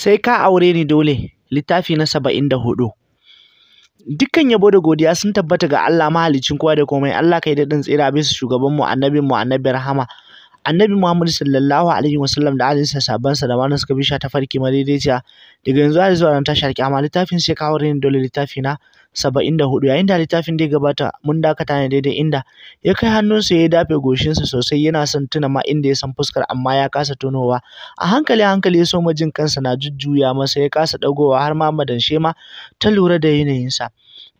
Sai ka aure ni dole, littafi na saba'in da hudu. Dukkan yabo da godiya sun tabbata ga Allah mahaliccin kowa da komai, Allah kai daɗin tsira bisa shugaban mu annabin mu annabi rahama. Annabi Muhammad sallallahu alaihi wasallam da alinsa sabban sa da ma suka bi sha ta farki madaidaiciya daga yanzu har zuwa ran tashar Amma littafin sai ka aure ni dole littafi na Saba'in da hudu yayin da littafin da ya gabata mun dakata ne daidai inda ya kai hannunsa ya dafe goshinsa sosai yana son tuna ma inda ya san fuskar amma ya kasa tunowa a hankali hankali ya soma jin kansa na jujjuya masa ya kasa dagowa har ma madanshe ma ta lura da yanayinsa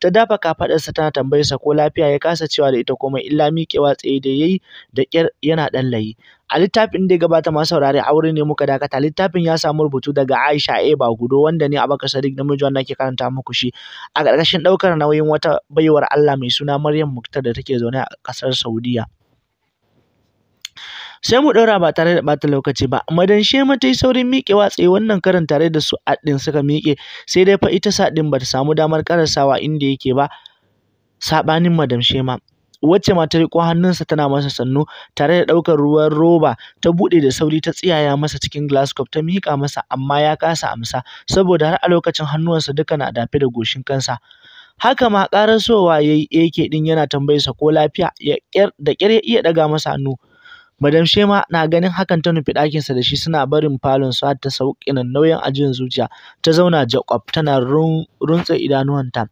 ta dafa kafaɗarsa tana tambayar sa ko lafiya ya kasa cewa da ita komai illa miƙewa tsaye da yayi da ƙyar yana ɗan layi a littafin da ya gabata masu saurare aure ne muka dakata littafin ya samu rubutu daga Aisha A Bagudo wanda ne Abaka Sadiq namiji wanda ke karanta muku shi a ƙarƙashin ɗaukar nauyin wata baiwar Allah mai suna Maryam Muktar da take zaune a ƙasar Saudiya sai mu ɗora ba tare da ɓata lokaci ba madan shema ta yi saurin miƙewa tsaye wannan karin tare da su a'din suka miƙe sai dai fa ita sa ɗin ba ta samu damar karasawa inda yake ba saɓanin madam shema wacce ma ta riƙo hannunsa tana masa sannu tare da ɗaukar ruwan roba ta buɗe da sauri ta tsiyaya masa cikin glasgow ta miƙa masa amma ya kasa amsa saboda har a lokacin hannuwansa duka na dafe da goshin kansa haka ma ƙarasowa ya yi yake ɗin yana tambayarsa ko lafiya da ƙyar ya iya ɗaga masa hannu Madam Shema na ganin hakan ta nufi ɗakinsa da shi suna barin falon su har ta nan nauyin ajiyar zuciya ta zauna jakwaf tana runtse idanuwanta.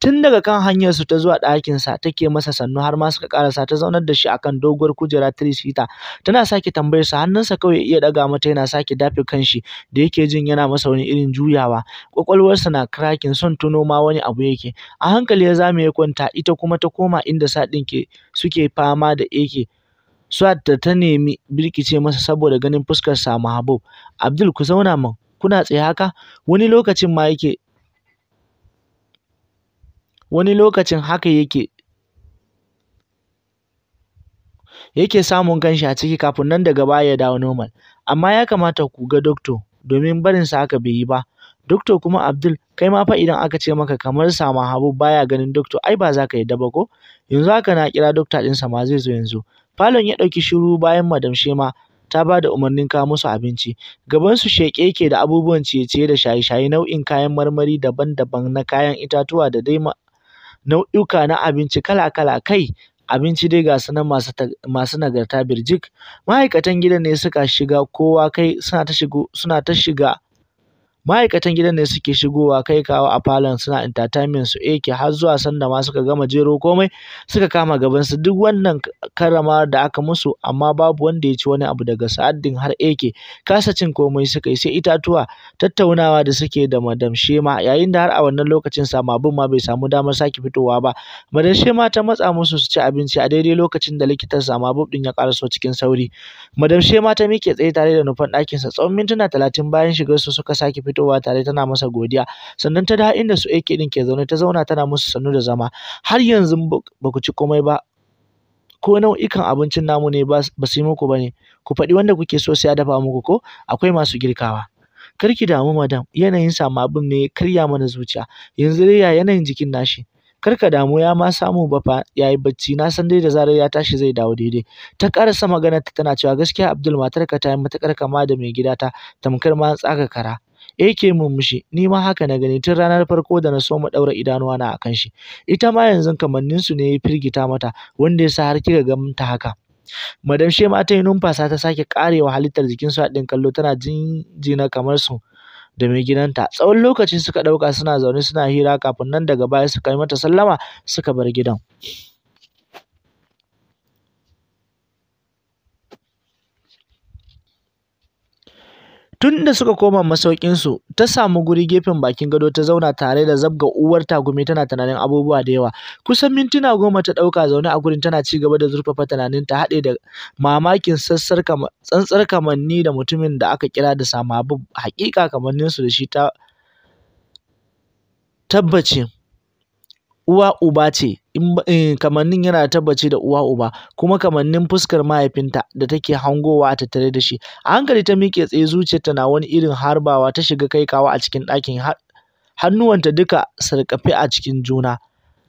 Tun daga kan hanyar su ta zuwa ɗakinsa take masa sannu har ma suka ƙarasa ta zaunar da shi akan doguwar kujera three seater tana sake tambayar sa hannunsa kawai iya ɗaga mata yana sake dafe kanshi da yake jin yana masa wani irin juyawa Ƙwaƙwalwarsa na cracking son tuno ma wani abu yake a hankali ya zame ya kwanta ita kuma ta koma inda sa ɗin ke suke fama da eke Swart da ta nemi birkice masa saboda ganin fuskar a mahabuba, Abdul ku zauna man, kuna tsaye haka? Wani lokacin ma yake wani lokacin haka yake yake samun ganshi a ciki kafin nan daga baya ya dawo normal. Amma ya kamata ku ga doctor domin barinsa haka bai yi ba. Doctor kuma Abdul kai ma fa idan aka ce maka kamar Sama Habu baya ganin doctor ai ba za ka yarda ba ko? Yanzu haka na kira doctor ɗinsa ma zai zo yanzu. Falon ya ɗauki shiru bayan Madam Shema ta ba da umarnin kawo musu abinci. Gabansu sheƙe ke da abubuwan ciye-ciye da shaye-shaye, nau'in kayan marmari daban-daban na kayan itatuwa da dai nau'uka na abinci kala-kala kai abinci dai ga su nan masu nagarta birjik. Ma'aikatan gidan ne suka shiga kowa kai suna ta shiga ma'aikatan gidan ne suke shigowa kai kawo a falon suna entertainment su eke eh, har zuwa sanda ma suka gama jero komai suka kama gaban su duk wannan karama da aka musu amma babu wanda ya ci wani abu daga sa'addin har eke kasa cin komai suka yi sai itatuwa tattaunawa da suke da madam shema yayin da har a wannan lokacin samabin ma bai samu damar sake fitowa ba madam shema ta matsa musu su ci abinci a daidai lokacin da likitan samabin din ya karaso cikin sauri madam shema ta miƙe tsaye tare da nufan ɗakinsa tsawon mintuna talatin bayan shigar su suka sake fitowa fitowa tare tana masa godiya sannan ta da inda su aiki din ke zaune ta zauna tana musu sannu da zama har yanzu ba ku ci komai ba ko nau'ikan abincin namu ne ba su yi muku ba ne ku faɗi wanda kuke so sai ya dafa muku ko akwai masu girkawa Kar ki damu madam yanayin samu abin ne karya mana zuciya yanzu dai ya yanayin jikin nashi Kar ka damu ya ma samu ba fa yayi bacci na san dai da zarar ya tashi zai dawo daidai ta karasa magana tana cewa gaskiya Abdul matarka ta yi matakar kama da mai gida ta tamkar ma tsaka kara yake murmushi ni ma haka na gani tun ranar farko da na so mu ɗaura idanuwa na akan shi ita ma yanzu kamannin su ne ya firgita mata wanda ya sa har kika ga ta haka madam shema ta yi numfasa ta sake karewa halittar jikin su haɗin kallo tana jinjina kamar su da mai gidanta tsawon lokaci suka ɗauka suna zaune suna hira kafin nan daga baya suka yi mata sallama suka bar gidan Tun da suka koma masaukinsu ta samu guri gefen bakin gado ta zauna tare da zabga uwar tagumi tana tunanin abubuwa da yawa. Kusan mintuna goma ta ɗauka zaune a gurin tana ci gaba da zurfafa tunanin, ta haɗe da mamakin tsantsar kamanni da mutumin da aka kira da hakika Haƙiƙa kamanninsu da shi ta tabbace uwa uba ce Eh, kamannin yana tabbace da uwa uba kuma kamannin fuskar mahaifinta da take hangowa a tattare da shi a hankali ta miƙe tsaye zuciyarta na wani irin harbawa ta shiga kai kawo a cikin ɗakin hannuwanta duka sarƙafe a cikin juna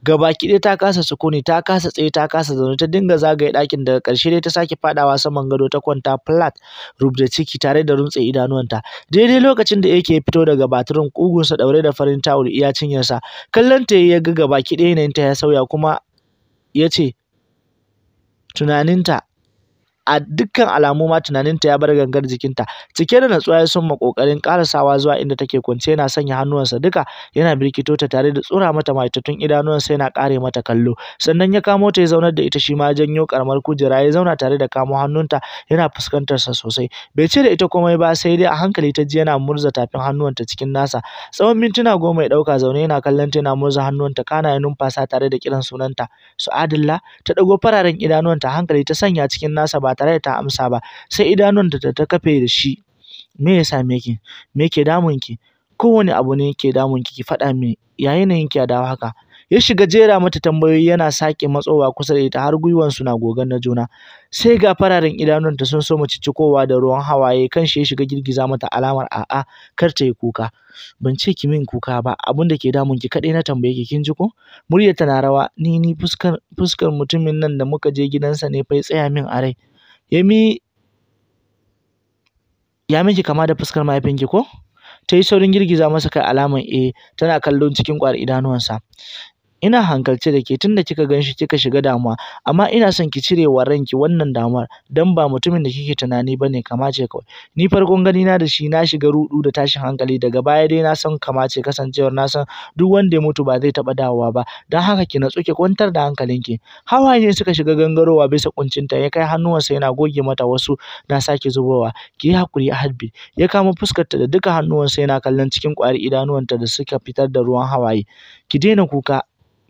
gabaki ɗaya ta kasa sukuni ta kasa tsaye ta kasa zaune ta dinga zagaye ɗakin daga ƙarshe dai ta sake faɗawa saman gado ta kwanta flat rubda ciki tare da runtse idanuwanta daidai lokacin da yake fito daga batirin kugunsa ɗaure da farin tawul iya cinyarsa kallon ta ya ga gabaki ɗaya yanayinta ya sauya kuma ya ce tunaninta a dukkan alamu ma tunaninta ya bar gangar jikinta cike da natsuwa ya summa kokarin karasawa zuwa inda take kwance yana sanya hannuwansa duka yana birkito ta tare da tsura mata maitattun idanuwansa yana kare mata kallo sannan ya kamo ta ya zaunar da ita shi ma janyo karamar kujera ya zauna tare da kamo hannunta yana fuskantar sa sosai bai ce da ita komai ba sai dai a hankali ta ji yana murza tafin hannuwanta cikin nasa tsawon mintuna goma ya dauka zaune yana kallon ta yana murza hannuwanta kana ya numfasa tare da kiran sunanta su'adilla ta dago fararen idanuwanta hankali ta sanya cikin nasa ba tare da ta amsa ba sai idanun da ta kafe da shi me ya same ki me ke damun ki kowane abu ne ke damun ki ki faɗa min. ya nan ki ya dawo haka ya shiga jera mata tambayoyi yana sake matsowa kusa da ita har gwiwan na gogan na juna sai ga fararen ta sun so cikowa da ruwan hawaye kan shi ya shiga girgiza mata alamar a'a kar ta yi kuka ban ce ki min kuka ba abin da ke damun ki kaɗai na tambaye ki kin ji ko muryar ta na rawa ni ni fuskar fuskar mutumin nan da muka je gidansa ne fa tsaya min a rai Yemi ya miki kama da fuskar mahaifinki ko? Ta yi saurin girgiza masa kai alaman eh, tana kallon cikin kwar idanuwansa. ina hankalce da ke da kika ganshi kika shiga damuwa amma ina son ki cire wa ranki wannan damuwar dan ba mutumin da kike tunani bane kamace kawai ni farkon gani na da shi na shiga rudu da tashin hankali daga baya dai na san kamace kasancewar na san duk wanda ya mutu ba zai taɓa dawowa ba dan haka ki natsu ki kwantar da hankalinki hawaye ne suka shiga gangarowa bisa kuncinta ya kai hannuwansa yana goge mata wasu na sake zubowa ki yi hakuri Ahadbi ya kama fuskarta da duka hannuwansa yana kallon cikin kwari idanuwanta da suka fitar da ruwan hawaye ki daina kuka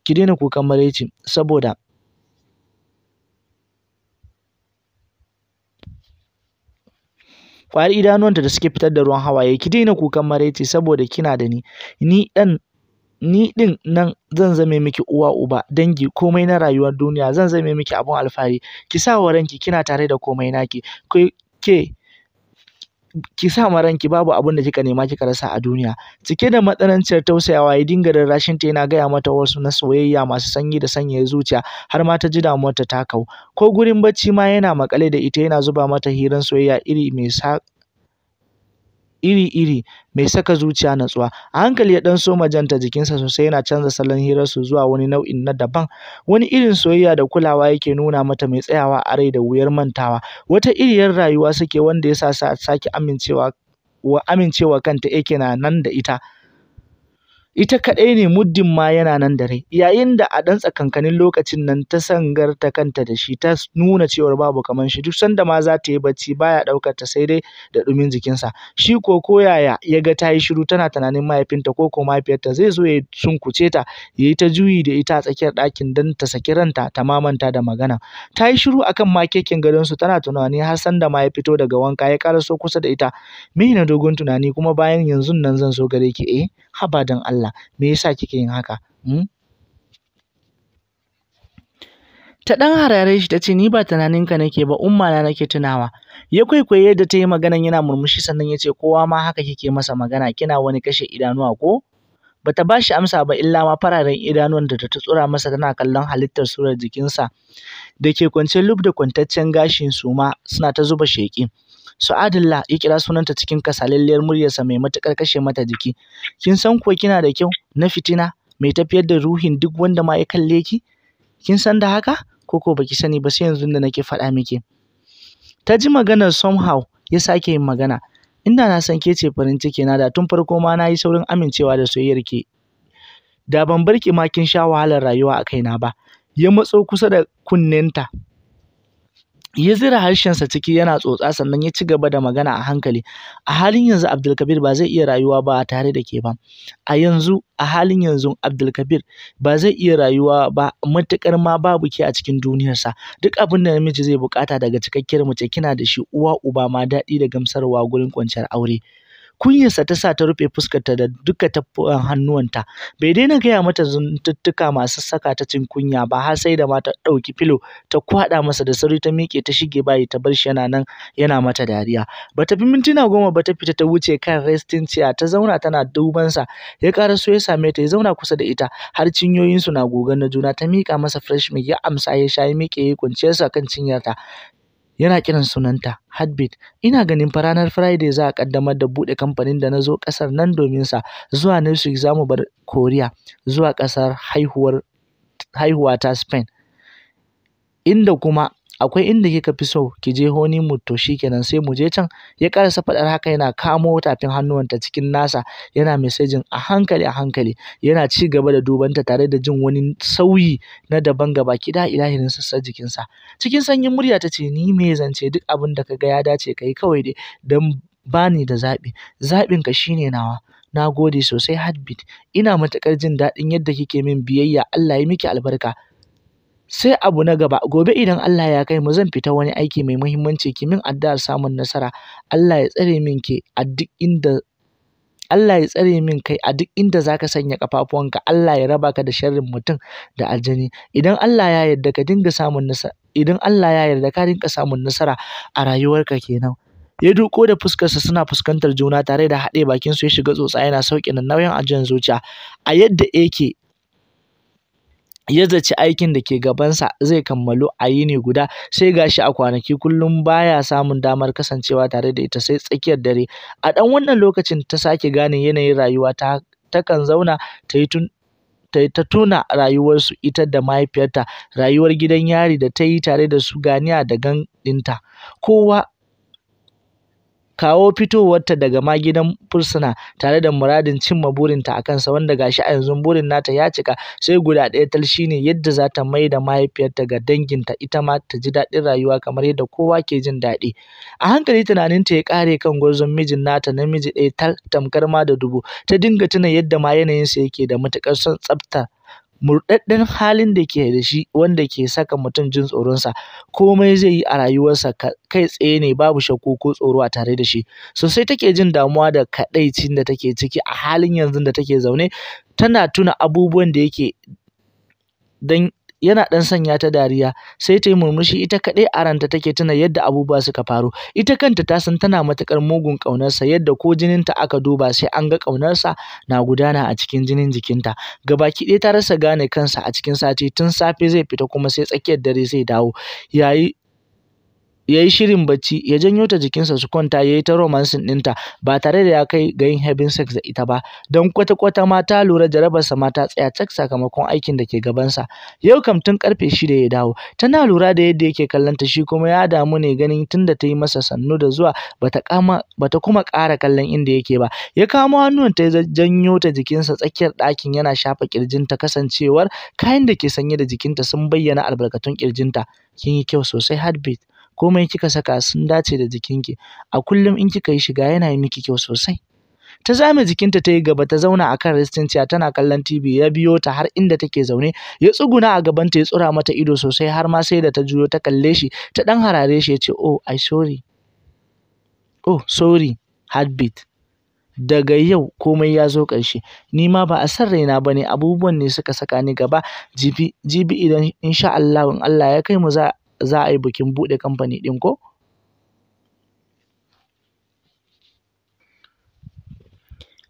ki daina kukan maraici saboda kwari idanuwanta da suke fitar da ruwan hawaye ki daina kukan maraici saboda kina da ni ni dan ni din nan zan zame miki uwa uba dangi komai na rayuwar duniya zan zame miki abun alfahari ki sa wa ranki kina tare da komai naki ke ki sa ma ranki babu abin da kika nema kika rasa a duniya cike da matsananciyar tausayawa ya dinga rashin ta yana gaya mata wasu na soyayya masu sanyi da sanyaya zuciya har ma ta ji damuwar ta ta kau ko gurin bacci ma yana makale da ita yana zuba mata hirar soyayya iri mai sa iri-iri mai saka zuciya natsuwa. A hankali ya ɗan soma janta jikinsa sosai yana canza salon hirar su zuwa wani nau'in na daban. Wani irin soyayya da kulawa yake nuna mata mai tsayawa a rai da wuyar mantawa. Wata iriyar rayuwa suke wanda yasa sa sake amincewa wa amincewa kanta yake na nan da ita. ita kaɗai ne muddin ma yana nan da rai yayin da a ɗan tsakankanin lokacin nan ta sangarta kanta da shi ta nuna cewar babu kaman shi duk sanda ma za ta yi bacci baya ɗaukar ta sai dai da ɗumin jikinsa shi ko ko yaya ya ga ta yi shiru tana tunanin mahaifinta ko ko mahaifiyarta zai zo ya sunkuce ta ya yi ta juyi da ita a tsakiyar ɗakin don ta saki ranta ta mamanta da magana ta yi shiru akan makekin gadonsu tana tunani har sanda ma ya fito daga wanka ya ƙara so kusa da ita mina na dogon tunani kuma bayan yanzun nan zan so gare ki eh haba don Allah Allah me yasa kike yin haka hmm? ta ɗan harare shi ta ce ni ba tunanin ka nake ba umma na nake tunawa ya kwaikwaye yadda ta yi maganan yana murmushi sannan ya ce kowa ma haka kike masa magana kina wani kashe idanuwa ko Bata ba shi amsa ba illa ma fararen idanuwan da ta tsura masa tana kallon halittar surar jikinsa da ke kwance lub da kwantaccen gashin suma suna ta zuba sheƙi. Su'adillah ya kira sunanta cikin kasalalliyar muryarsa mai matuƙar kashe mata jiki. Kin san ko kina da kyau na fitina mai tafiyar da ruhin duk wanda ma ya kalle ki? Kin san da haka? Ko ko baki sani ba sai yanzu da nake faɗa miki. Ta ji maganar somehow ya sake yin magana. Inda na san ke ce farin ciki na da tun farko ma na yi saurin amincewa da soyayyar ke. Da ban bar ma kin sha wahalar rayuwa a kaina ba. Ya matso kusa da kunnenta ya zira harshensa ciki yana tsotsa sannan ya ci gaba da magana a hankali a halin yanzu abdulkabir ba zai iya rayuwa ba tare da ke ba a yanzu a halin yanzu abdulkabir ba zai iya rayuwa ba matuƙar ma babu ke a cikin duniyarsa duk abin da namiji zai bukata daga cikakkiyar mace kina da shi uwa uba ma daɗi da gamsarwa gurin kwanciyar aure kunyarsa ta sa ta rufe fuskarta da duka tafukan hannuwanta bai daina gaya mata zuntuttuka masu saka ta cin kunya ba har sai da ma ta ɗauki filo ta kwaɗa masa da sauri ta miƙe ta shige bayi ta bar shi yana nan yana mata dariya ba ta fi mintuna goma ba ta fita ta wuce kan resting chair ta zauna tana duban sa ya ƙara so ya same ta ya zauna kusa da ita har cinyoyinsu na gogan na juna ta miƙa masa fresh milk ya amsa ya sha ya miƙe ya kwanciyarsa kan cinyarta yana kiran sunanta Heartbeat. Ina ganin fa ranar Friday za a kaddamar da buɗe kamfanin da na zo ƙasar nan domin sa. Zuwa ne su za mu bar Korea zuwa kasar haihuwar haihuwa ta Spain. Inda kuma akwai inda kika fi so ki je honeymoon to shikenan sai mu je can ya karasa faɗar haka yana kamo tafin hannuwanta cikin nasa yana messaging a hankali a hankali yana ci gaba da dubanta tare da jin wani sauyi na daban gaba ki da ilahirin jikin jikinsa cikin sanyin murya ta ce ni me zance duk abin da kaga ya dace kai kawai dai dan bani da zaɓi ka shine nawa na gode sosai heartbeat ina matuƙar jin daɗin yadda kike min biyayya Allah ya miki albarka sai abu na gaba gobe idan Allah ya kai mu zan fita wani aiki mai muhimmanci ki min addu'ar samun nasara Allah ya tsare min ke a duk inda Allah ya tsare min kai a duk inda zaka sanya kafafuwanka Allah ya raba ka da sharrin mutum da aljani. Idan Allah ya yarda ka dinga samun nasara, idan Allah ya yarda ka dinga samun nasara a rayuwarka kenan. Ya duko da fuskarsa suna fuskantar juna tare da haɗe bakin su ya shiga tsotsa yana sauƙi nauyin ajiyar zuciya. A yadda yake ya zaci aikin da ke gabansa zai kammalu a yini guda sai gashi a kwanaki kullum baya samun damar kasancewa tare da ita sai tsakiyar dare a ɗan wannan lokacin ta sake gane yanayin rayuwa ta takan zauna ta yi tun ta, ta tuna rayuwarsu ita da mahaifiyarta rayuwar gidan yari da ta yi tare da su ganiya da gang ɗinta kowa kawo fitowarta daga ma gidan fursuna tare da muradin cimma burinta a kansa wanda gashi a yanzu burin nata ya cika sai guda ɗaya tal shine yadda za ta mai da mahaifiyarta ga danginta ita ma ta ji daɗin rayuwa kamar yadda kowa ke jin daɗi a hankali tunaninta ya ƙare kan gwarzon mijin nata namiji ɗaya tal tamkar ma da dubu ta dinga tuna yadda ma yanayinsa yake da matuƙar son tsafta murɗaɗɗen halin da ke da shi wanda ke saka mutum jin tsoronsa komai zai yi a rayuwarsa kai tsaye ne babu shakku ko tsoro a tare da shi sosai take jin damuwa da kaɗaicin da take ciki a halin yanzu da take zaune tana tuna abubuwan da yake dan yana ɗan sanya ta dariya sai ta yi murmushi ita kaɗai a ranta take tuna yadda abubuwa suka faru ita kanta ta san tana matuƙar mugun ƙaunarsa yadda ko jininta aka duba sai an ga ƙaunarsa na gudana a cikin jinin jikinta gabaki ɗaya ta rasa gane kansa a cikin sati tun safe zai fita kuma sai tsakiyar dare zai dawo yayi ya yi shirin bacci ya janyo ta jikinsa su kwanta ya yi ta romansin ɗinta ba tare da ya kai ga yin having sex da ita ba don kwata-kwata ma ta lura jarabarsa ma ta tsaya cak sakamakon aikin da ke gabansa yau kam tun karfe shida ya dawo tana lura da yadda yake kallon ta shi kuma ya damu ne ganin tunda ta yi masa sannu da zuwa bata kuma ƙara kallon inda yake ba ya kamo ta ya janyo ta jikinsa tsakiyar ɗakin yana shafa kirjinta kasancewar kayan da ke sanye da jikinta sun bayyana albarkatun ƙirjinta. kin yi kyau sosai heartbeat komai kika saka sun dace da jikinki a kullum in kika yi shiga yana yi miki kyau sosai ta zame jikinta ta yi gaba ta zauna a kan chair tana kallon TV ya biyo ta har inda take zaune ya tsuguna a gabanta ya tsura mata ido sosai har ma sai da ta juyo ta kalle shi ta dan harare shi ya ce oh I sorry oh sorry heartbeat daga yau komai ya zo ƙarshe ni ma ba a san raina ba ne abubuwan ne suka saka ni gaba jibi jibi idan insha Allah in Allah ya kai mu za za a yi bikin buɗe kamfani ɗin ko?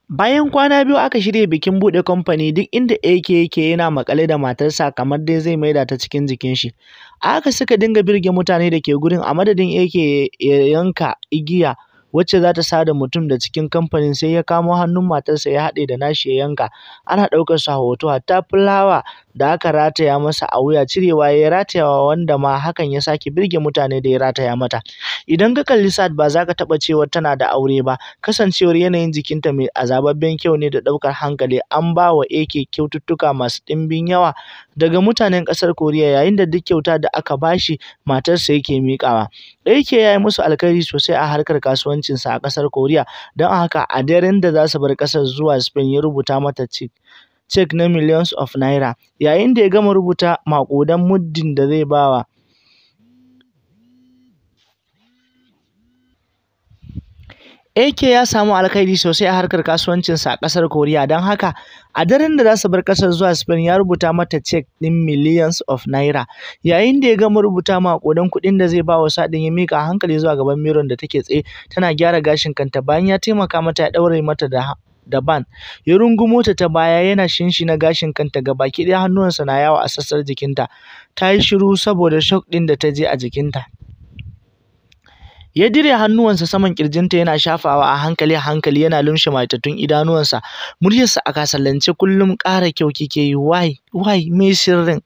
Bayan kwana biyu aka shirya bikin buɗe kamfani duk inda AK yake yana maƙale da matarsa kamar dai zai maida ta cikin jikin shi. aka haka suka dinga birge mutane da ke gurin a madadin AK ya yanka igiya wacce za ta sada mutum da cikin kamfanin sai ya kamo hannun matarsa ya haɗe da nashi ya yanka ana ɗaukar sa hoto hatta fulawa da aka rataya masa a wuya cirewa ya ratayawa wanda ma hakan ya sake birge mutane da ya rataya mata idan ka kalli Sad ba za ka taɓa cewa tana da aure ba kasancewar yanayin jikinta mai azababben kyau ne da ɗaukar hankali an ba wa AK kyaututtuka masu ɗimbin yawa daga mutanen ƙasar Koriya yayin da duk kyauta da aka bashi matarsa yake miƙawa. Aike ya yi musu alkhairi sosai a harkar kasuwancinsa a ƙasar Koriya, don haka a daren da za su bar ƙasar zuwa Spain ya rubuta mata cek. na millions of naira, yayin da ya gama rubuta maƙudan muddin da zai bawa. AK ya samu alkhairi sosai a harkar kasuwancinsa a ƙasar Koriya don haka a daren da za su bar ƙasar zuwa Spain ya rubuta mata cek ɗin millions of naira yayin da ya gama rubuta ma maƙudan kuɗin da zai ba wa sadin ya mika hankali zuwa gaban miron da take tsaye tana gyara gashin kanta bayan ya taimaka mata ya ɗaure mata da daban ya rungumo ta ta baya yana shinshi na gashin kanta ga baki ɗaya hannuwansa na yawo a sassar jikinta ta yi shiru saboda shock ɗin da ta je a jikinta Ya dire hannuwansa saman ƙirjinta yana shafawa a hankali a hankali yana lumshe matattun idanuwansa. Muryarsa a kasalance kullum ƙara kyau kike yi wai wai me sirrin.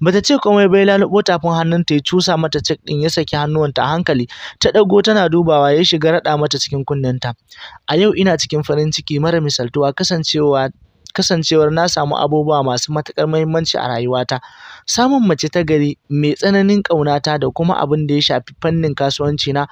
Bata ce komai bai lalubo tafin hannunta ya cusa mata cik ɗin ya saki hannuwanta a hankali ta ɗago tana dubawa ya shiga raɗa mata cikin kunnenta. A yau ina cikin farin ciki mara misaltuwa kasancewa kasancewar na samu abubuwa masu matuƙar muhimmanci a rayuwata Samun mace ta gari mai tsananin ƙaunata da kuma abin da ya shafi fannin kasuwanci na.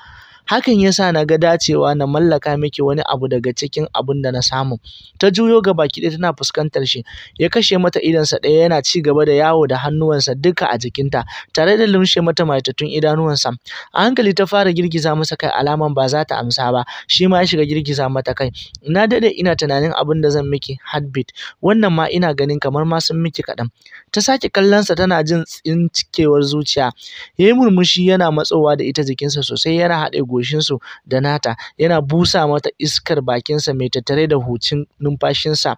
Hakan ya sa na ga dacewa na mallaka miki wani abu daga cikin abunda da na samu. Ta juyo ga baki ɗaya tana fuskantar shi, ya kashe mata idonsa ɗaya yana ci gaba da yawo da hannuwansa duka a jikinta, tare da lumshe mata mayatattun idanuwansa. A hankali ta fara girgiza masa kai alaman ba za ta amsa ba, shi ma ya shiga girgiza mata kai. Na daɗe ina tunanin abin da zan miki heartbeat, wannan ma ina ganin kamar ma sun miki kaɗan. Ta sake kallonsa tana jin tsincikewar zuciya. Ya yi murmushi yana matsowa da ita jikinsa sosai yana haɗe goshinsu da nata yana busa mata iskar bakinsa mai tattare da hucin numfashinsa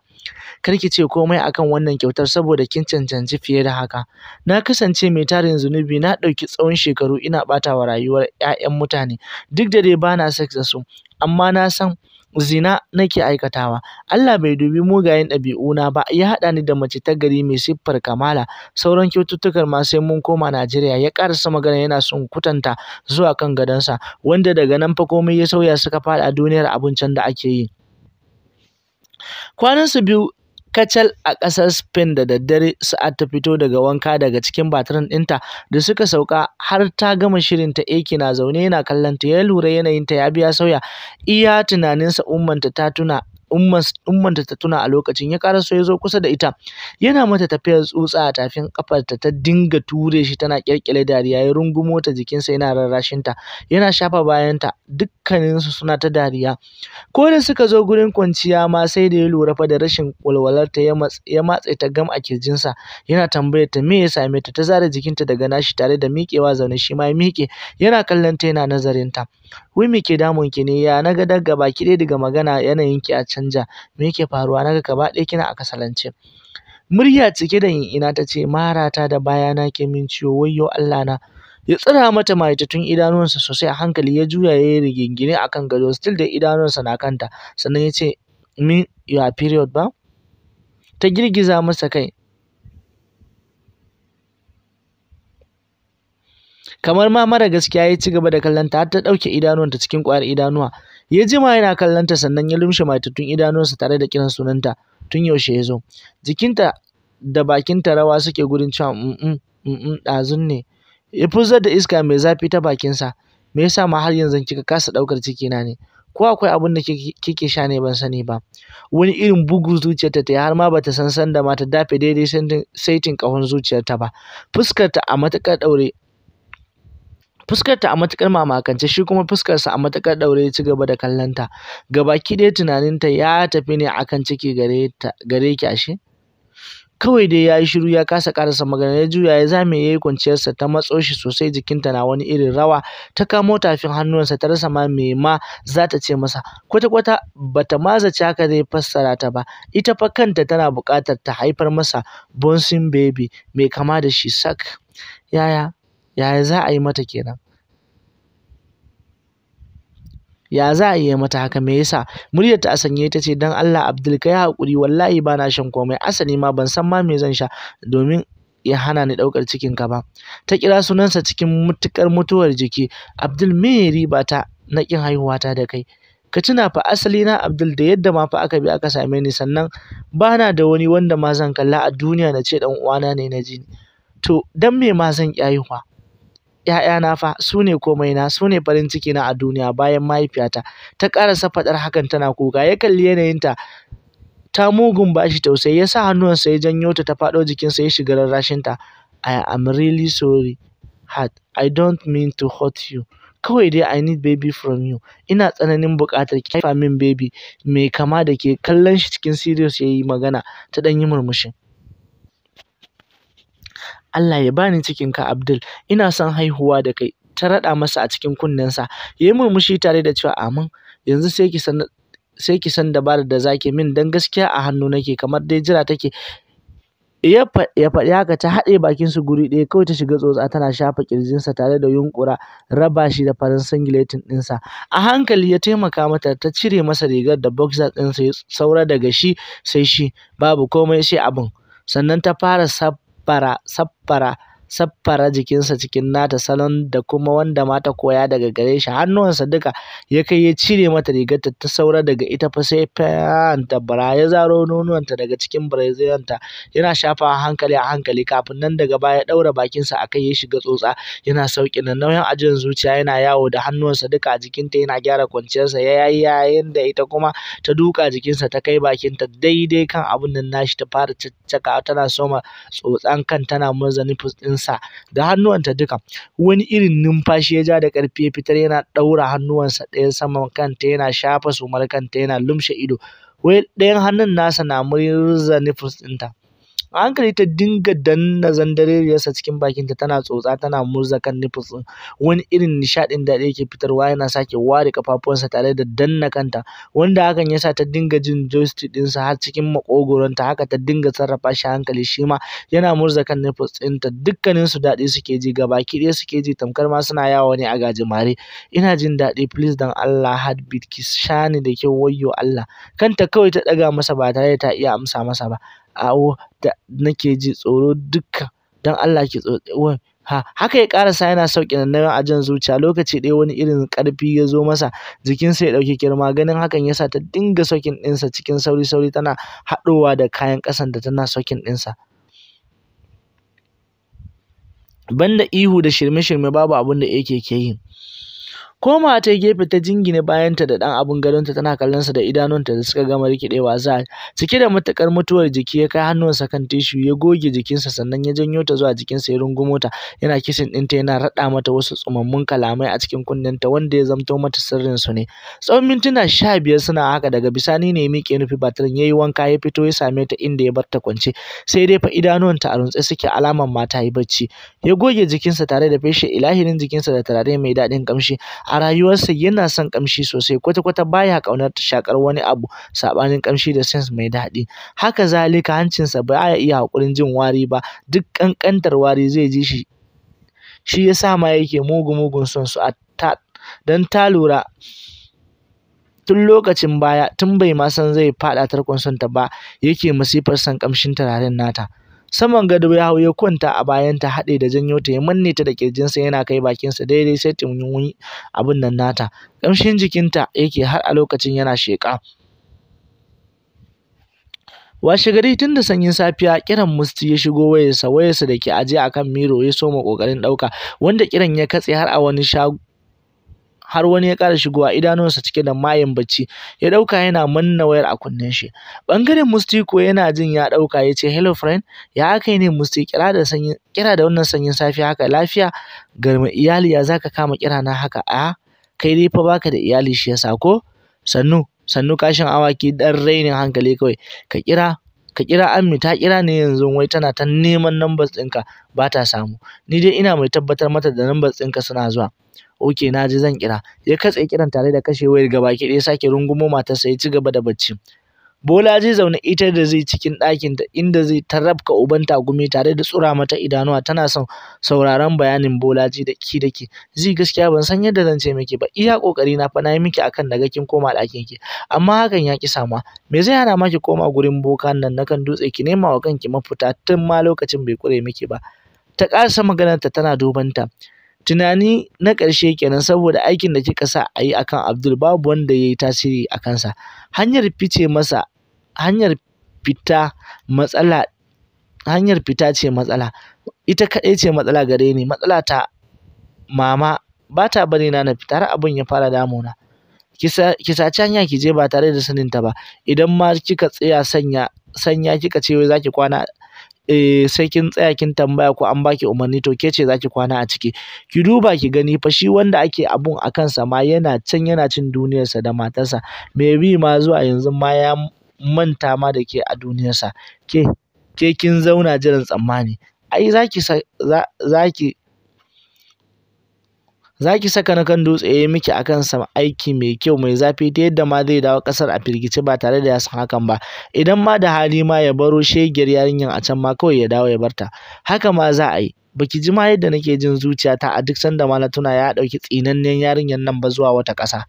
karki ce komai akan wannan kyautar saboda kin cancanci fiye da haka na kasance mai tarin zunubi na ɗauki tsawon shekaru ina ɓata wa rayuwar 'ya'yan mutane duk da dai ba na sex da su amma na san zina nake aikatawa. Allah bai dubi mugayen na ba, ya haɗa ni da mace ta gari mai siffar kamala. Sauran kyaututtukan ma sai mun koma Najeriya, ya ƙarasa magana yana son kutanta zuwa kan gadonsa, wanda daga nan fa komai ya sauya suka faɗa duniyar abincin da ake yi. Kwanansu biyu kacal a ƙasar Spain da daddare Sa'a ta fito daga wanka daga cikin batirin ɗinta da suka sauka har ta gama shirin ta Eki na zaune yana kallon ta ya lura yanayinta ya biya sauya iya tunaninsa ummanta ta tuna ummanta ta tuna a lokacin ya so ya zo kusa da ita yana mata tafiyar tsutsa a tafin kafarta ta dinga ture shi tana kyalkyale dariya ya rungumo ta jikinsa yana rarrashin ta yana shafa bayanta dukkaninsu suna ta dariya ko da suka zo gurin kwanciya ma sai da ya lura fa da rashin walwalarta ya matse ta gam a kirjinsa yana tambayar ta me ya same ta ta zara jikinta daga nashi tare da miƙewa zaune shi ma ya miƙe yana kallon ta yana nazarin ta wai me ke damun ki ne ya ga daga baki ɗaya daga magana yanayin ki a can canja me yake faruwa naga gaba ɗaya kina a kasalance murya cike da ina ta ce marata da bayana ke min ciwo wayyo Allah na ya tsira mata mayatattun idanuwansa sosai a hankali ya juya ya yi rigingine a kan gado still da idanuwansa na kanta sannan ya ce min your period ba ta girgiza masa kai kamar ma mara gaskiya ya ci gaba da kallon ta har ta ɗauke idanuwanta cikin ƙwayar idanuwa ya jima yana kallonta sannan ya lumshe matattun idanunsa tare da kiran sunanta tun yaushe ya zo jikinta da bakinta rawa suke gudun cewa mm, mm, mm, mm ɗazun ne ya fuzar da iska mai zafi ta bakinsa me yasa ma har yanzu kika kasa ɗaukar cikina ne ko akwai abin da kike sha ne ban sani ba wani irin bugu zuciyarta ta har ma bata san sanda ma ta dafe daidai saitin ƙahon zuciyarta ba fuskarta a matuƙar ɗaure fuskarta a matukar mamakance shi kuma fuskarsa a matukar daure ya ci gaba da kallonta gabaki ɗaya tunaninta ya tafi ne akan ciki gare ta gare ki ashe kawai dai ya yi shiru ya kasa karasa magana ya juya ya zame ya yi kwanciyarsa ta matso shi sosai jikinta na wani irin rawa ta kamo tafin hannuwansa ta rasa ma me ma za ta ce masa kwata-kwata ba ta mazace haka zai fassara ta ba ita fa kanta tana buƙatar ta haifar masa bonsin baby mai kama da shi sak yaya yaya za a yi mata kenan ya za a yi mata haka me yasa muryarta a sanye ta ce dan Allah Abdul kai hakuri wallahi ba na shan komai Asani ma ban san ma me zan sha domin ya hana ni ɗaukar cikin ka ba ta kira sunansa cikin mutukar mutuwar jiki Abdul me riba ta na kin haihuwa ta da kai ka tuna fa asali na Abdul da yadda ma fa aka bi aka same ni sannan ba na da wani wanda ma zan kalla a duniya na ce dan uwana ne na ji to dan me ma zan ki haihuwa ‘ya'yana fa su ne na. su ne farin na a duniya bayan mahaifiyata. Ta ƙarasa faɗar hakan tana kuka. Ya kalli yanayinta, ta mugun bashi, tausayi, ya sa hannuwansa ya janyo ta ta faɗo jikinsa ya shiga ta I am really sorry, heart. I don't mean to hurt you. Kawai dai I need baby from you. Ina tsananin buƙatar ki haifa min baby mai kama da ke. Kallon shi cikin serious yayi magana, ta ɗan yi murmushi. Allah ya bani cikinka Abdul, ina son haihuwa da kai. Ta raɗa masa a cikin kunnensa, ya yi murmushi tare da cewa amin, yanzu sai ki san sai ki san dabarar da zaki min dan gaskiya a hannu nake kamar dai jira take ya faɗi haka ta haɗe su guri ɗaya kawai ta shiga tsotsa tana shafa ƙirjinsa tare da yunƙura raba shi da farin singiletin ɗinsa a hankali ya taimaka mata ta cire masa rigar da boxer ɗinsa ya saura daga shi sai shi babu komai sai abin sannan ta fara para, sab saffara jikinsa cikin nata salon da kuma wanda mata koya daga gare shi hannuwansa duka ya kai ya cire mata rigarta ta saura daga ita fa sai fayanta bara ya zaro nonuwanta daga cikin barazilanta yana shafa hankali a hankali kafin nan daga baya ya ɗaura bakinsa a kai ya shiga tsotsa yana sauƙi na nauyin ajiyar zuciya yana yawo da hannuwansa duka a jikinta yana gyara kwanciyarsa ya yayi yayin da ita kuma ta duka jikinsa ta kai bakinta daidai kan abin nan nashi ta fara caccaka tana soma tsotsan kan tana murza nufus hannunsa da hannuwanta duka wani irin numfashi ya ja da ƙarfi ya fitar yana ɗaura hannuwansa ɗaya sama kanta yana shafa sumar kanta yana lumshe ido wai ɗayan hannun nasa na murza nipples ɗinta A hankali ta dinga danna zandareriyarsa cikin bakinta tana tsotsa tana murza kan nipples ɗin. Wani irin nishaɗin daɗi yake fitarwa yana sake ware kafafuwansa tare da danna kanta wanda hakan ya sa ta dinga jin joystick ɗinsa har cikin maƙogoronta haka ta dinga sarrafa shi hankali shi ma yana murza kan nipples ɗinta dukkaninsu daɗi suke ji ki ɗaya suke ji tamkar ma suna yawo ne a gajimare. Ina jin daɗi please dan Allah heartbeat ki sha da kyau wayyo Allah. Kanta kawai ta ɗaga masa ba tare da ta iya amsa masa ba. awo da nake ji tsoro dukka don Allah ki tsotse ha haka ya karasa yana sauke nan a jan zuciya lokaci ɗaya wani irin karfi ya zo masa jikinsa ya ɗauki girma ganin hakan yasa ta dinga sokin ɗinsa cikin sauri sauri tana haɗowa da kayan kasan da tana sokin ɗinsa banda ihu da shirme shirme babu abin da yake ke yi Koma ta gefe ta jingine bayanta da ɗan abin gadonta tana kallon sa da idanunta da suka gama rikidewa za cike da matukar mutuwar jiki ya kai hannunsa kan tishu ya goge jikinsa sannan ya janyo ta zuwa jikinsa ya rungumo ta yana kishin ɗinta yana raɗa mata wasu tsumammun kalamai a cikin kunnenta wanda ya zamto mata sirrin su ne. Tsawon mintuna sha biyar suna haka daga bisani ne ya miƙe nufi batirin ya yi wanka ya fito ya same ta inda ya bar ta kwance sai dai fa idanuwanta a runtse suke alaman mata yi bacci ya goge jikinsa tare da feshe ilahirin jikinsa da turare mai daɗin kamshi a rayuwarsa yana son ƙamshi sosai kwata-kwata baya ƙaunar shakar wani abu saɓanin ƙamshi da sense mai daɗi. Haka zalika hancinsa baya iya haƙurin jin wari ba duk ƙanƙantar wari zai ji shi. Shi ya sa ma yake mugu-mugun son su don ta lura tun lokacin baya tun bai ma san zai faɗa tarkon ta ba yake masifar son ƙamshin turaren nata. saman gado ya hau ya kwanta a bayan ta haɗe da janyo ta ya manne ta da kirjinsa yana kai bakinsa daidai sai tumin abin nan nata ƙamshin jikinta yake har a lokacin yana sheƙa washe gari tun da sanyin safiya kiran musti ya shigo wayarsa wayarsa da ke aje akan miro ya soma kokarin ɗauka, wanda kiran ya katse har a wani shago. har wani ya ƙara shigowa idanunsa cike da mayin bacci ya ɗauka yana manna wayar a kunnen shi ɓangaren musti yana jin ya ɗauka ya ce hello friend ya haka ne musti kira da sanyin kira da wannan sanyin safiya haka lafiya garma iyali ya zaka kama kira na haka a kai dai fa baka da iyali shi yasa ko sannu sannu kashin awaki dan rainin hankali kawai ka kira ka kira amin ta kira ne yanzu wai tana ta neman numbers ɗinka ba ta samu ni dai ina mai tabbatar mata da numbers ɗinka suna zuwa ok na ji zan kira ya katse kiran tare da kashe wayar gabaki ɗaya sake rungumo matarsa ya ci gaba da bacci Bolaji zaune ita da zai cikin ɗakinta inda zai tarafka uban tagumi tare da tsura mata idanuwa tana son sauraron bayanin Bolaji da ki da ki. gaskiya ban san yadda zan ce miki ba. Iya kokari na fa na yi miki akan daga kin koma ɗakin ki. Amma hakan ya ki samuwa. Me zai hana maki koma gurin boka nan na kan dutse ki nema wa kanki mafita tun ma lokacin bai kure miki ba. Ta kasa maganarta tana dubanta. tunani na ƙarshe kenan saboda aikin da kika sa a yi a kan Abdul babu wanda ya yi tasiri a kansa hanyar fice masa hanyar fita matsala hanyar fita ce matsala ita kaɗai ce matsala gare ni matsala ta mama ba ta bari na na fita har abin ya fara damuna ki saci hanya ki je ba tare da saninta ba idan ma kika tsaya sanya sanya kika ce wai za kwana eh, sai kin tsaya kin tambaya ko an baki umarni to ke ce zaki kwana a ciki ki duba ki gani fa shi wanda ake abun a kansa ma yana can yana cin duniyarsa da matarsa me bi ma zuwa yanzu ma ya manta ma da ke a duniyarsa ke ke kin zauna jiran tsammani ai zaki zaki za ki saka na kan dutse ya miki akan sa aiki mai kyau mai zafi ta yadda ma zai dawo kasar a firgice ba tare da ya san hakan ba idan ma da hali ma ya baro shegiyar yarinyar a can ma kawai ya dawo ya barta haka ma za a yi baki ji ma yadda nake jin zuciyata a duk sanda ma na tuna ya ɗauki tsinannen yarinyar nan ba zuwa wata ƙasa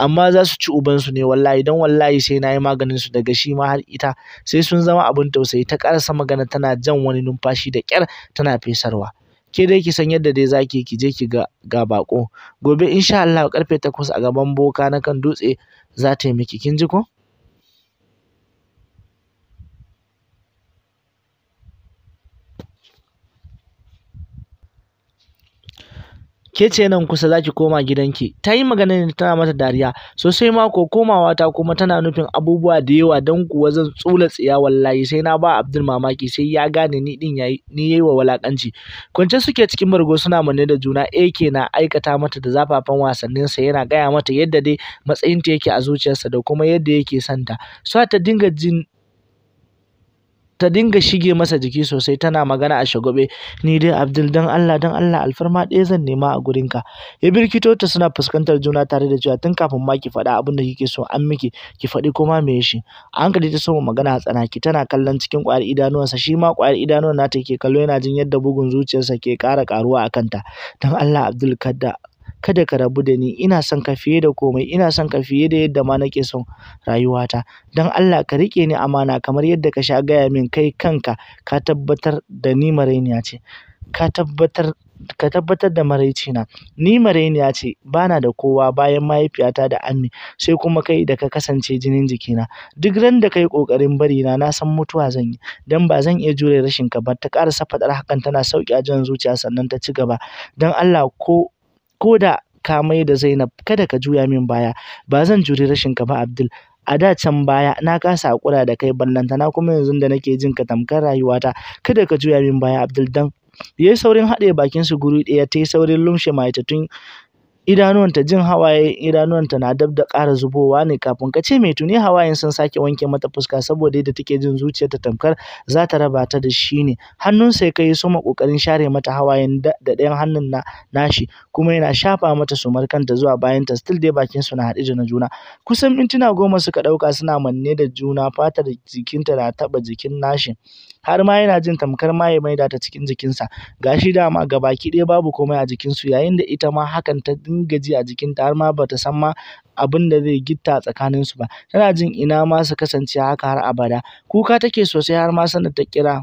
amma za su ci ubansu ne wallahi don wallahi sai na yi maganin su daga shi ma har ita sai sun zama abin tausayi ta ƙarasa magana tana jan wani numfashi da ƙyar tana fesarwa ke dai ki san yadda dai zaki ki je ki ga ga baƙo gobe insha Allah karfe takwas a gaban boka na kan dutse za ta yi miki kin ji ko ke ce nan kusa za ki koma gidanki ta yi ne tana mata dariya sosai mako komawa ta kuma tana nufin abubuwa da yawa don kuwa zan tsula tsiya wallahi sai na ba Abdul mamaki sai ya gane ni din ni yayi wa walakanci kwance suke cikin bargo suna manne da juna Eke eh na aikata mata da zafafan wasannin sa yana gaya mata yadda dai matsayinta yake a zuciyarsa da kuma yadda yake santa so ta dinga jin ta dinga shige masa jiki sosai tana magana a shagobe ni dai Abdul dan Allah dan Allah alfarma ɗaya zan nema a gurin ka. ya birkito ta suna fuskantar juna tare da cewa tun kafin ma ki faɗa abin da kike so an miki ki faɗi kuma me shi An hankali ta soma magana a tsanaki tana kallon cikin ƙwayar idanuwansa shi ma ƙwayar idanuwan nata ke kallo yana jin yadda bugun zuciyarsa ke ƙara ƙaruwa a kanta dan Allah Abdul kadda kada ka rabu da ni ina son ka fiye da komai ina son ka fiye da yadda ma nake son rayuwata don Allah ka riƙe ni amana kamar yadda ka sha gaya min kai kanka ka tabbatar da ni marainiya ce ka tabbatar ka tabbatar da na, ni marainiya ce bana da kowa bayan mahaifiyata da ammi sai kuma kai da ka kasance jinin jikina duk ran da kai kokarin bari na na san mutuwa zan yi dan ba zan iya jure rashin ka ba ta ƙara safaɗar hakan tana sauki a jan zuciya sannan ta ci gaba dan Allah ko ko da ka mai da Zainab kada ka juya min baya ba zan juri rashin ka ba Abdul a da can baya na kasa hakura da kai na kuma yanzu da nake jin ka tamkar rayuwata kada ka juya min baya Abdul dan yayi saurin haɗe bakin su guri ɗaya ta yi saurin lumshe maitattun idanuwanta jin hawaye idanuwanta na dab da ƙara zubowa ne kafin ka ce mai tuni hawayen sun sake wanke mata fuska saboda yadda take jin ta tamkar za ta raba ta da shi ne hannunsa ya kai suma ƙoƙarin share mata hawayen da ɗayan hannun na nashi kuma yana shafa mata sumar kanta zuwa bayanta still dai bakin su na haɗe da na juna kusan mintuna goma suka ɗauka suna manne da juna fatar jikinta na taɓa jikin nashi har ma yana jin tamkar ma ya maida ta cikin jikinsa. Ga shi dama gabaki ɗaya babu komai a jikinsu, yayin da ita ma hakan ta dinga ji a jikinta har ma bata san ma abin da zai gitta a tsakaninsu ba. Tana jin ina ma su kasance haka har abada. Kuka take sosai har ma sanda ta kira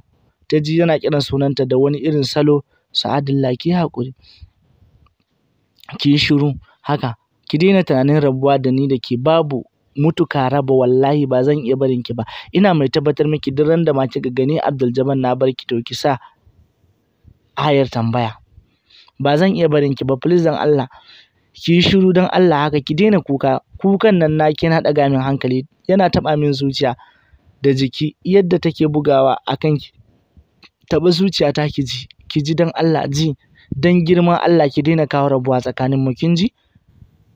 ta ji yana kiran sunanta da wani irin salo, Sa'adillah ki hakuri haƙuri, ki shiru haka, ki daina tunanin rabuwa da ni da ke babu mutu raba, wallahi ba zan iya barin ki ba ina mai tabbatar miki duk randa ma kika gani Abdul Jabbar na barki to ki sa ayar tambaya ba zan iya barin ki ba please dan Allah ki shiru dan Allah haka ki daina kuka kukan nan naki yana ɗaga min hankali yana taɓa min zuciya da jiki yadda take bugawa akan ki taɓa zuciya ta ki ji ki ji dan Allah ji dan girman Allah ki daina kawo rabuwa tsakanin mu kin ji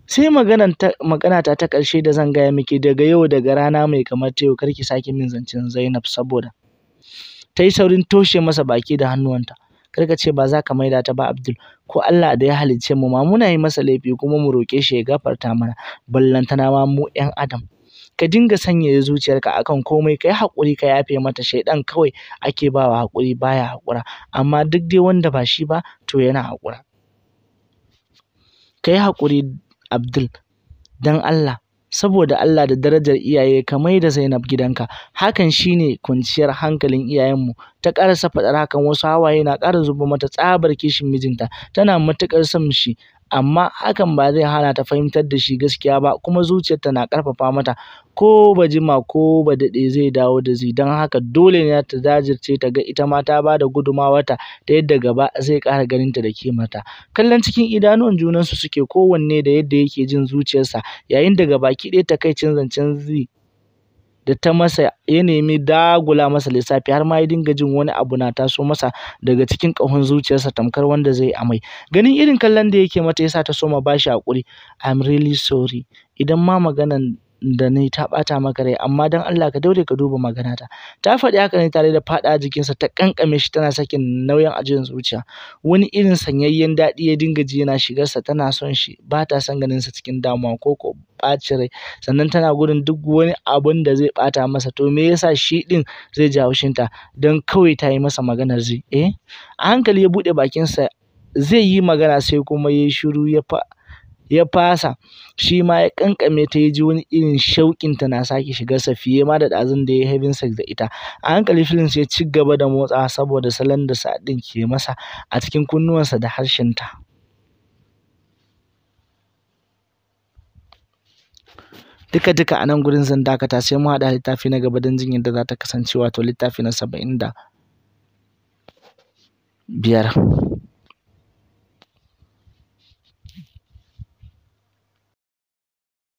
sai maganan ta magana ta ta ƙarshe da zan gaya miki daga yau daga rana mai kamar ta yau kar ki sake min zancen Zainab saboda ta yi saurin toshe masa baki da hannuwanta kar ka ce ba za ka maida ta ba Abdul ko Allah da ya halicce mu ma muna yi masa laifi kuma mu roƙe shi ya gafarta mana ballantana ma mu ƴan adam ka dinga sanyaya zuciyarka akan komai ka yi haƙuri ka yafe mata shaidan kawai ake bawa haƙuri baya haƙura amma duk dai wanda ba shi ba to yana haƙura ka yi haƙuri Abdul, don Allah, saboda Allah da darajar iyaye ka maida Zainab gidanka, hakan shine ne kwanciyar hankalin iyayenmu. Ta ƙarasa faɗar hakan wasu hawaye na ƙara zuba mata tsabar kishin mijinta, tana matuƙar son shi. amma hakan ba zai hana ta fahimtar da shi gaskiya ba kuma zuciyarta na ƙarfafa mata ko ba jima ko ba daɗe zai dawo da zi don haka dole ne ta jajirce ta ga ita ma ta ba da gudumawa ta ta yadda gaba zai ƙara ta da kimarta. Kallon cikin idanuwan junansu suke kowanne da yadda yake jin zuciyarsa yayin daga baki ɗaya takaicin zancen zi da ta masa ya nemi dagula masa lissafi har ma ya dinga jin wani abu na taso masa daga cikin ƙahon zuciyarsa tamkar wanda zai amai ganin irin kallon da yake mata yasa ta soma bashi haƙuri I'm really sorry idan ma maganan da na ta ɓata maka rai amma don Allah ka daure ka duba maganata ta faɗi haka ne tare da faɗa jikinsa ta ƙanƙame shi tana sakin nauyin ajiyar zuciya wani irin sanyayyen daɗi ya dinga ji yana shigarsa tana son shi ba ta son ganin sa cikin damuwa ko ko ɓaci rai sannan tana gudun duk wani abun da zai ɓata masa to me yasa shi ɗin zai ji haushinta don kawai ta yi masa maganar zai eh a hankali ya buɗe bakinsa zai yi magana sai kuma ya yi shiru ya fa ya fasa shi ma ya kankame ta ya ji wani irin shauƙin ta na sake shigarsa fiye ma da ɗazun da ya yi having sex da ita a hankali Phillips ya ci gaba da motsa saboda salon da sa ɗin ke masa a cikin kunnuwansa da harshen ta. duka duka a nan gurin zan dakata sai mu haɗa littafi na gaba don jin yadda za ta kasance wato littafi na saba'in da biyar